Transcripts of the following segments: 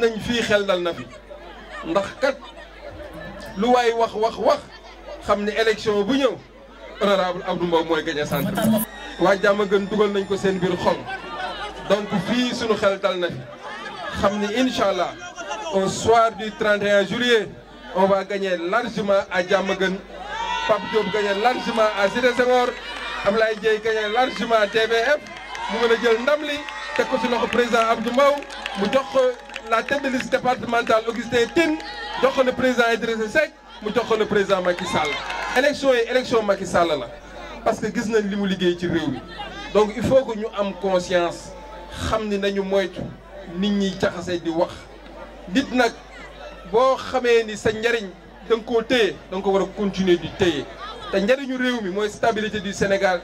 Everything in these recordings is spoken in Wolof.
nañ fii xel dal na fi ndax kat lu waay wax wax wax xam ne élection bu ñëw honorable Abdou Mbow mooy gagné centre bi. waa jàmm gën dugal nañ ko seen biir xol donc fii sunu xel dal na fi xam ni incha allah au soir du 31 juillet on va gagner largement à Diamaguène Pape Diop gagner largement à Cité Senghor Ablaye Dieye gagner largement à TVF mu mën a jël ndam li teg ko ci loxo président Abdou Mbow mu jox la tête de liste départementale Augustin Tine jox ko ne président Idrissa Seck mu jox ko le président Macky Sall élection yi élection Macky Sall la parce que gis nañ li mu liggéey ci réew mi donc il faut que ñu am conscience xam ni nañu moytu nit ñi jaxase di wax nit nag boo xamee ni sa njariñ dang nga koo téye da ko war a continuer di téye te njariñu réew mi mooy stabilité du Sénégal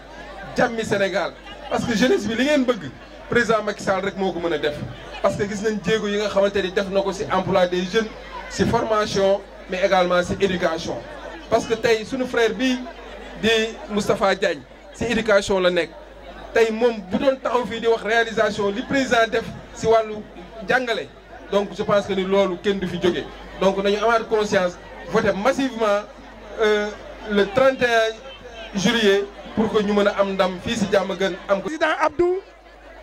jàmmi Sénégal parce que jeunesse mi li ngeen bëgg président Macky Sall rek moo ko mën a def parce que gis nañ jéego yi nga xamante ni def na ko ci emploi des jeunes si formation mais également si éducation parce que tey suñu frère bii di Moustapha Diagne si éducation la nekk tey moom bu doon taxaw fii di wax réalisation li président def si wàllu jàngale donc je pense que ni loolu kenn du fi jóge donc nañu amaat conscience voter massivement euh, le 31 juillet pour que ñu mën a am ndam fii ci jàmm gën am ko président Abdou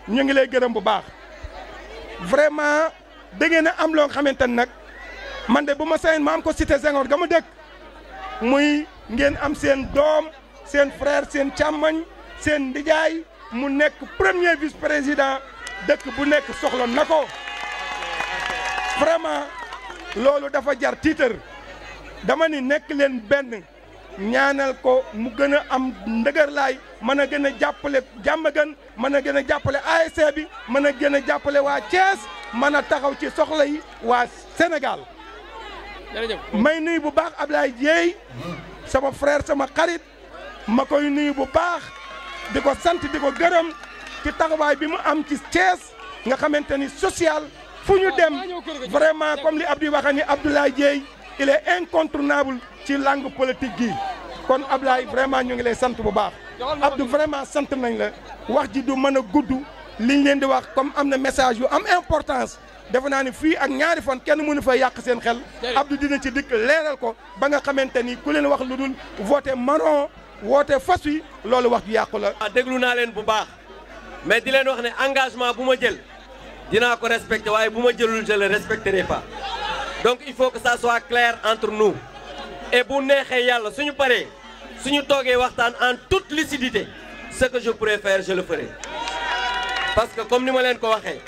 ñu ngi lay gërëm bu baax vraiment da ngeen a am loo xamante ne nag man de bu ma sañoon ma am ko cité Senghor ga mu dëkk muy ngeen am seen doom seen frère seen càmmañ seen ndijaay mu nekk premier vice président dëkk bu nekk soxla na ko vraiment loolu dafa jar tiitër dama ni nekk leen benn. ñaanal ko mu gën a am ndëgërlaay mën a gën a jàppale jàmbagan mën a gën a jàppale ASC bi mën a gën a jàppale waa Thiès mën a taxaw ci soxla yi waa Sénégal. may nuyu bu baax Ablaye Dieye sama frère sama xarit ma koy nuyu bu baax di ko sant di ko gërëm ci taxawaay bi mu am ci Thiès nga xamante ni social fu ñu dem ah, vraiment comme li Abdou waxa ni Abdoulaye Dieye il est incontournable. ci langue politique gi kon Ablaye vraiment ñu ngi lay sant bu baax Abdou vraiment sant nañ la wax ji du mën a gudd liñ leen di wax comme am na message yu am importance defe naa ni fii ak ñaari fan kenn mënu fa yàq seen xel Abdou dina ci dikk leeral ko ba nga xamante ni ku leen wax lu dul voté marron woote fas wi loolu wax ju yàqu la ah, déglu naa leen bu baax mais di leen wax ne engagement bu ma jël dinaa ko respecté waaye bu ma jëlul je le respecterai pas donc il faut que ça soit clair entre nous et bu neexee yàlla suñu paree suñu toogee waxtaan en toute lucidité ce que je pourrais faire je le ferai parce comme ni ma leen ko waxee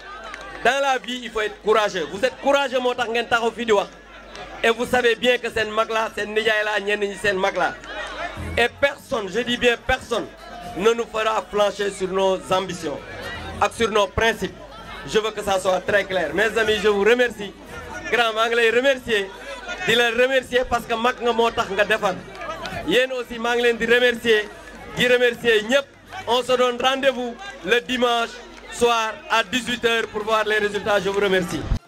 dans la vie il faut être courageux vous êtes courageux moo tax ngeen taxaw fii di wax e vous savez bien que seen mag la seen nijaay la ñenn ñi seen mag la e personne je dis bien personne ne nous fera flancher sur nos ambitions ak sur nos principes je veux que ça soit mes amis je vous remercie grand maa ngi lay di la remercier parce que mag nga moo tax nga defar yéen aussi maa ngi leen di remercier di remercier ñëpp on se donne rendez-vous le dimanche soir à 18h pour voir les résultats je vous remercie